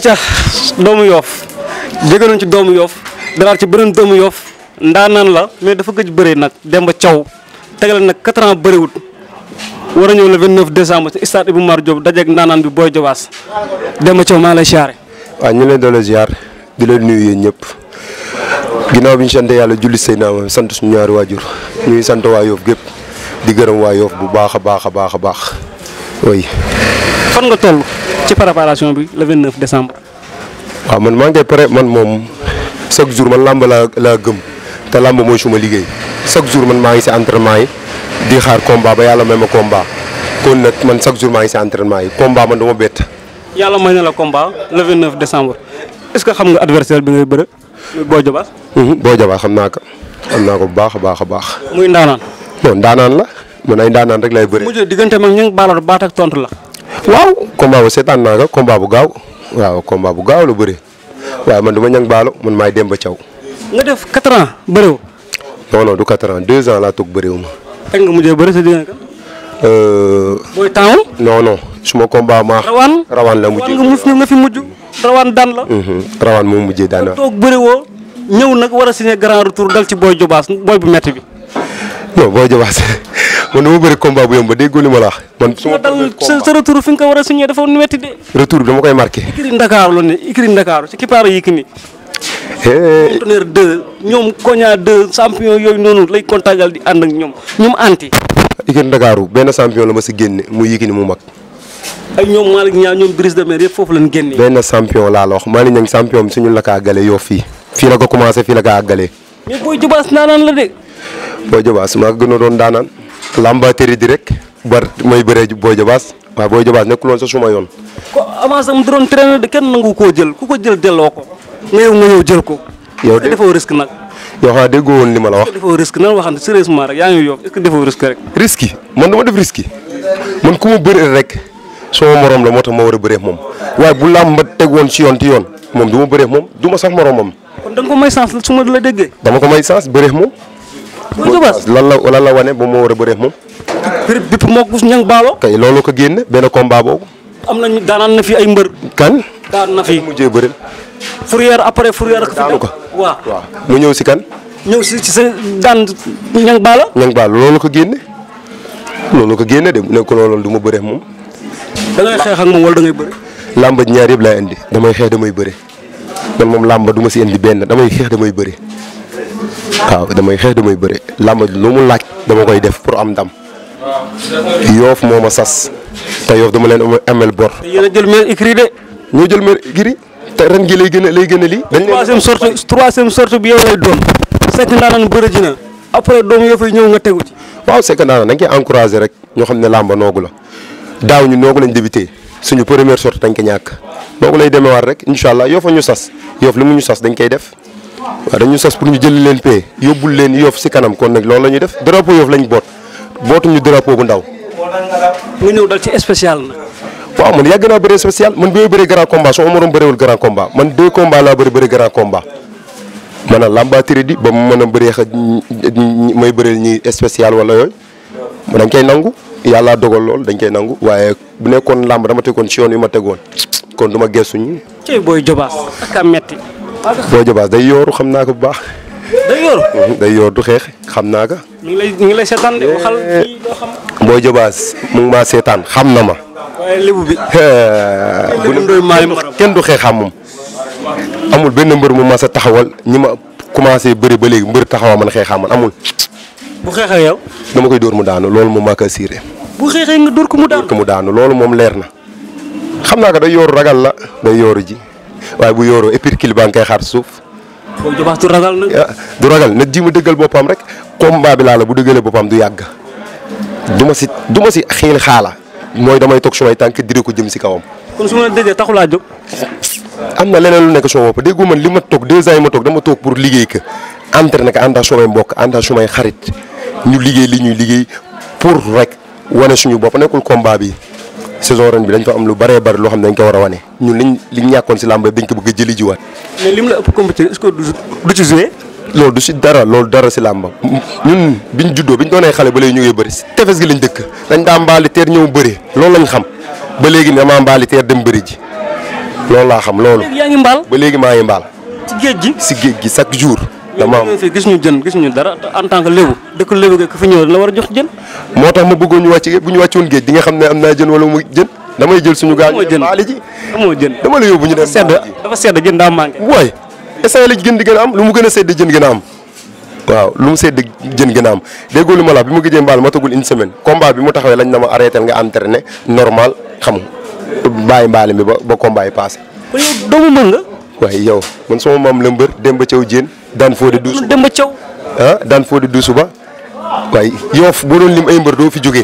ca doomu yoof jóge nañ ci doomu yoof dalaat ci beneen doomu yoof ndaanaan la mais dafa gëj bëree nag Demba Thiaw tegale nag 4 ans bëriwut war a ñëw le 29 décembre ci stade Iba Mar Diop dajeeg ndaanaan bi booy Diobass Demba Thiaw maa ngi lay siyaare. waaw ñu leen doole ziar di la nuyu yéen ñëpp ginnaaw bi ñu sant yàlla julli say naam sant suñu ñaari waajur ñuy sant waa yoof gépp di gërëm waa yoof bu baax a baax a baax a baax. oui. fan nga toll ci préparation bi le 29 décembre. waaw man maa ngi koy pare man moom chaque jour man làmb laa laa gëm te làmb mooy suma liggéey chaque jour man maa ngi si entraînement yi di xaar combat ba yàlla may ma combat kon nag man chaque jour maa ngi si entraînement yi combat man dama bett. yàlla may na la combat le 29 décembre est-ce que xam nga adversaire bi ngay bëre Boy Diobass. Mhm, Boy Diobass xam naa ko xam naa ko bu baax a baax a baax. muy ndaanaan. la. man ay ndaanaan rek lay bëri mujj digënté mak ñing balor baat ak tontu la waaw combat bu sétan naa ko combat bu gaaw waaw combat bu gaaw lu beure waaw man duma ñang balu man may dem ba caw nga def 4 ans beureu non non du 4 ans 2 ans la tok beureu ma kañ nga mujjee beure sa diggante euh moy taw non non suma combat ma rawan rawan la mujjee nga mus nga fi mujj rawan dan la hmm rawan mo mujjee dan la tok beureu wo ñew nak wara signé grand retour dal ci boy jobaas boy bu metti bi non boy jobaas man dama bëri combat bu yomb ba déggoo li ma la wax. man su ma dal sa retour fi nga ko war de. retour bi dama koy la ne Ikiri Ndakaaru eh. ñoom ñoom ñoom anti. Ikiri Ndakaaru benn champion la ma si génne muy Yékini mu mag. ñoom Malick Niang ñoom Brise de Mer foofu laa la wax Malick Niang champion bi suñu la ko àggalee yoo fii. fii la ko commencé fii la ko àggalee. mais booy Jobaas naanaan la de. booy Jobaas maa gën a doon daanaan. lamba tëri di rek bar may bëree Boy Diobass waaye Boy Diobass nekkul woon sa suma yoon. ko avance am drone traîner de ken nangou jël ku ko djel delloo ko. nga ngayou nga yow ko. yow defo risque nak yow ha deggo won limala wax. defo risque nan waxan sérieusement rek yañu yof est-ce defo risque rek. risque man dama def risque man kuma ma rek so morom la motam tax ma war a bëree moom bu lamba tegg won ci yoon ti yoon mom duma ma mom duma du ma sax moromam. kon dang ko may chance suma la déggee. dama ko may chance bëree mom muy Sobaas lan la lan la wane ba moo war a bëree moom. béréb bépp moo ko ñang baalo. kay loolu ko génne benn combat boobu. am nañu daanaan na fi ay mbër. kan daan na fi mujjee bëri. fourrière après fourrière. daanu ko waaw waaw mu ñëw si kan. si si sa daan ñang baalo. ñang indi damay xeex damay bëri man moom làmb du ma indi benn damay xeex damay bëri. waaw damay xeex damay bëre làmb lu mu laaj dama koy def pour am ndam. yoof moo ma sas te yoof dama leen amel bor. yéen a jël mel écrit de. jël mel écrit te ren gi lay gën a lay gën lii. dañ leen troisième sorte troisième bi yow lay doon. sekk ndaanaan na après doom fay ñëw nga tegu ci. waaw sekk ndaanaan koy encouragé rek ñoo xam ne làmba noogu la daaw ñu noogu lañ débuté suñu première sorte dañ ko ñàkk noogu lay demewaat rek incha allah yoo ñu sas yoof li mu ñu sas dañ koy def. waaw dañu sas pour ñu jël leen paie yóbbul leen Yoff si kanam kon nag loolu la ñuy def drapeau Yoff lañ boot bootuñu drapeau bu ndaw. nga ñëw dal ci spécial na. waaw man yàgg naa bëree spécial man bi may bëree grand combat soo ma doon man deux combats laa bëri bëri grand a lamba ba mu mën a bëree xa may bëreel ñi spécial wala yooyu. dañ koy nangu yàlla dogal lool dañ koy nangu waaye bu nekkoon làmb dama tegoon ci yoon yu ma tegoon kon du ma geesuñu. cey booy jobaas ak metti boo jobaas day yooru xam naa ko bu baax. Mhm, day yooru du xeex xam naa ko. ñu ngi lay ñu ngi eh, boo jobaas mu maa seetaan xam na ma. waaye lébu bi. Eh, kenn du xeexam moom. amul benn mbër mu mas a taxawal ñi ma commencé bëri ba léegi mbër taxawaa na xeexaa man amul. bu xeexee dama koy dóor mu daanu loolu moom maa ko assuré. bu xeexee nga ko mu dóor ko mu daanu loolu moom leer na. xam naa ko day yooru ragal la day yooru ji. waaye bu yooroo kili baa nga koy xaar suuf. booy Jobaas du ragal nag. Ah, du ragal ma dëggal boppam rek combat bi laa la bu dëggalee boppam du yàgg du ma si du ma si xiin xaala mooy damay toog sumay tànk diri ko jëm si kawam. kon su ma la déggee taxu laa jóg. am na leneen lu nekk soo bopp déggoo man li ma toog deux ans yi ma toog dama toog pour liggéey que entraîné nag ànd ak sumay mbokk ànd ak sumay xarit ñu liggéey li ñuy liggéey pour rek wane suñu bopp nekkul combat bi. saison ren bi dañ ko am lu bare bare lo xam dañ ko wara wané ñun liñ liñ ñàkkoon ci làmb dañ ko bëgg jëli ji waat mais lim la ëpp compétition est-ce que du ci jouer lool du ci eh? dara lool dara ci làmb ñun biñ juddo biñ doone xalé ba lay ñu ngi bëri tefes gi liñ dëkk dañ da mbali ter ñew bëri lool lañ xam ba léegi dama mbali ter dem bëri ji lool la xam lool ba légui ma ngi mbal ci geej gi ci geej gi chaque jour dama fi gis dara en tant que damay jël suñu jën dama la yóbbu ñu dem sedd dafa sedd jën daa manqué la di am lu mu gën a jën gën am waaw lu mu sedd jën gën am déggoo lu bi ma tagul une semaine combat bi mu lañ na ma arrêté nga normal xam bàyyi mbaale mi ba combat yi passé yow doomu mën nga waaye yow man sama maam demba dan Fodé Doussou ba Demba Thiaw ah fo de douce ba waaye yoof bo doon lim ay mbeur do fi joge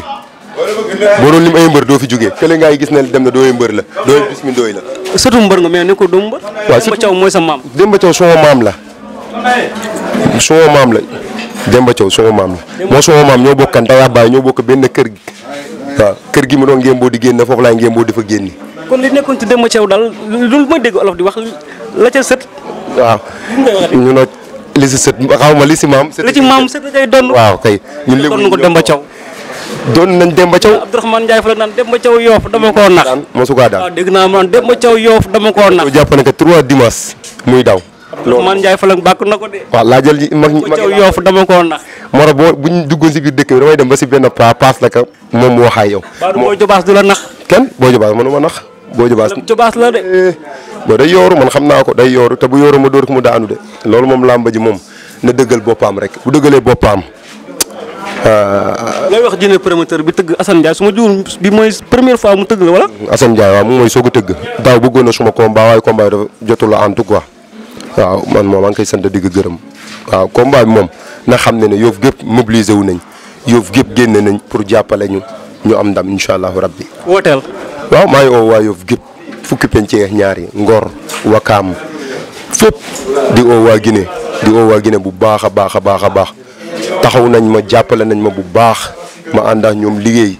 bo do lim ay mbeur do fi joge fële ngay gis ne dem na ay mbeur la do bismi dooy la surtout mbeur nga me ne ko dum ba dem ciow moy sa mam dem ciow sama mam la so mam la dem ciow so mam la mo so mam ño bokkan daya baay ño bokk ben keur gi wa keur gi mu doon ngémboo di génn foofu laay ngémboo di fa genn kon li nekkon ci dem ciow dal lu ma deg olof di wax la ca set waaw ñu no li si sët xaw ma li si maam. li si maam sët day doon. waaw kay ñun léegi doon ko Demba Thiaw. doon nañ Demba Thiaw. Abdourahmane Ndiaye fa la naan Demba Thiaw Yoff dama koo nax. mosu kaa daan waaw dégg naa man na que trois dimanches muy daw. loolu na ko de. waaw laa jël mag ñi mag Thiaw Yoff dama koo nax. Moro boo bu ñu duggoon si biir dëkk bi damay dem ba si benn paas la ka moom mu waxaay yow. Booy Jobaas du la nax. kenn Booy Jobaas mënu ma nax Booy Jobaas la de eh. do day yoru man xamna ko day yoru te bu yoru ma dóor ko mu daanu de lolou mom lamba ji mom na dëggal bopam rek bu bopam boppam lay wax jine promoteur bi teug Assane Ndiaye suma jour bi moy première fois mu teug la wala Assane Ndiaye mo moy sogo teug daw bu gono suma combat way combat da jotul la antu quoi waaw man mom ngi kay sante digg geureum waaw combat mom na xamne ne yof gep mobiliser wu nañ yof gep genn nañ pour jappale ñu ñu am ndam inshallah rabbi wotel waaw may o wa yof gep fukki penc yeex ñaari Ngor Wakaam fépp di oo waa gine di oo waa Guinée bu baax a baax a baax a baax taxaw nañ ma jàppale nañ ma bu baax ma ànd ak ñoom liggéey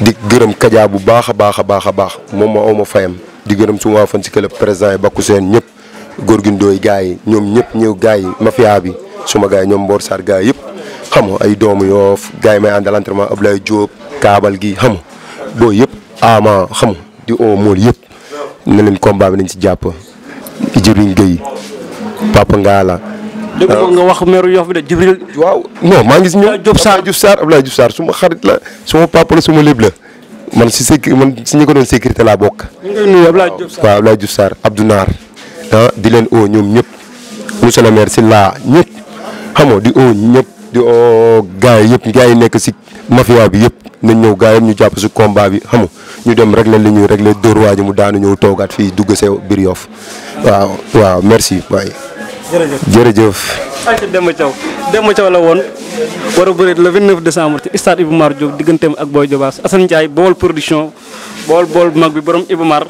di gërëm Kaja bu baax a baax a baax a baax moom ma aw ma fayam di gërëm suma waa fan si club président yi bakku seen ñëpp góor gi ndooy gars yi ñoom ñëpp ñëw gars yi mafia bi suma gaay ñoom Mboor Sarr gars yëpp xam nga ay doomu yoof gars yi may àndal entraînement Ablaye Diop kaabal gi xam nga boo yëpp ama xam di oo mool yëpp ne leen combat bi nañ si jàpp Djibril Gueye Papa Ngala. dëgg euh, nga wax maa ngi si ñoom Diouf Sarr Diouf Sarr Abdoulaye Diouf Sarr suma xarit la suma papa la suma lépp la man si sécu man si ñu ko sécurité laa bokk. ñu ngi nuyu Abdoulaye ah, di leen oo ñoom ñëpp monsieur le maire si laa ñëpp xam di oo ñëpp di oo gars yi yëpp gars yi nekk si mafia bi yëpp na ñëw gars ñu jàpp si combat bi xam ñu dem régler li ñuy régler dóor waa ji mu daanu ñëw toogaat fii dugg see biir Yoff waaw waaw merci waay. jërëjëf jërëjëf. ayca Demba Thiaw Demba Thiaw la woon war a bëri le 29 décembre ci stade Iba Mar Diop digganteem ak Boy Diobass Assane Ndiaye bool production bool bool mag bi borom Iba Mar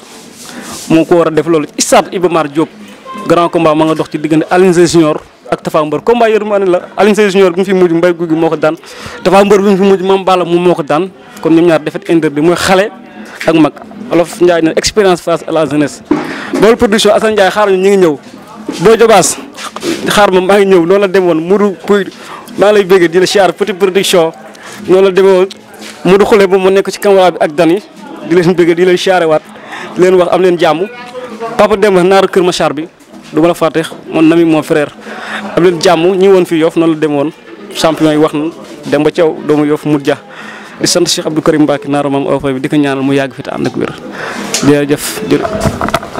moo ko war a def loolu ci stade Iba Mar Diop grand combat ma nga dox ci diggante Alioune Sèye Junior ak Tafa Mbër combat yërmande la Alioune Sèye Junior bi mu fi mujj mbay guy gi mu fi mujj ko daan kon ñoom ñaar defet interdit mooy xale. ak mag olof Ndiaye ne expérience face à la jeunesse. bool production Assane Ndiaye xaar ñu ngi ñëw boo jobaas xaar ma maa ngi ñëw noonu la demoon Modou Pouy maa lay bëgg di la siyaar petit production noonu la mu Modou xule ba mu nekk ci caméra bi ak dan yi di leen bëgg di leen siyaarewaat di leen wax am leen jàmm papa dem naar Kër ma Massar bi du ma la fàtte mon nami mon frère am leen jàmm ñi woon fii Yoff noonu la demoon champion yi wax na dem ba caw doomu Yoff Modou Dia di sant Cheikh Abdou Karim Mbacke naaru maam aw fay bi di ko ñaanal mu yàgg fi te ànd ak wér jërëjëf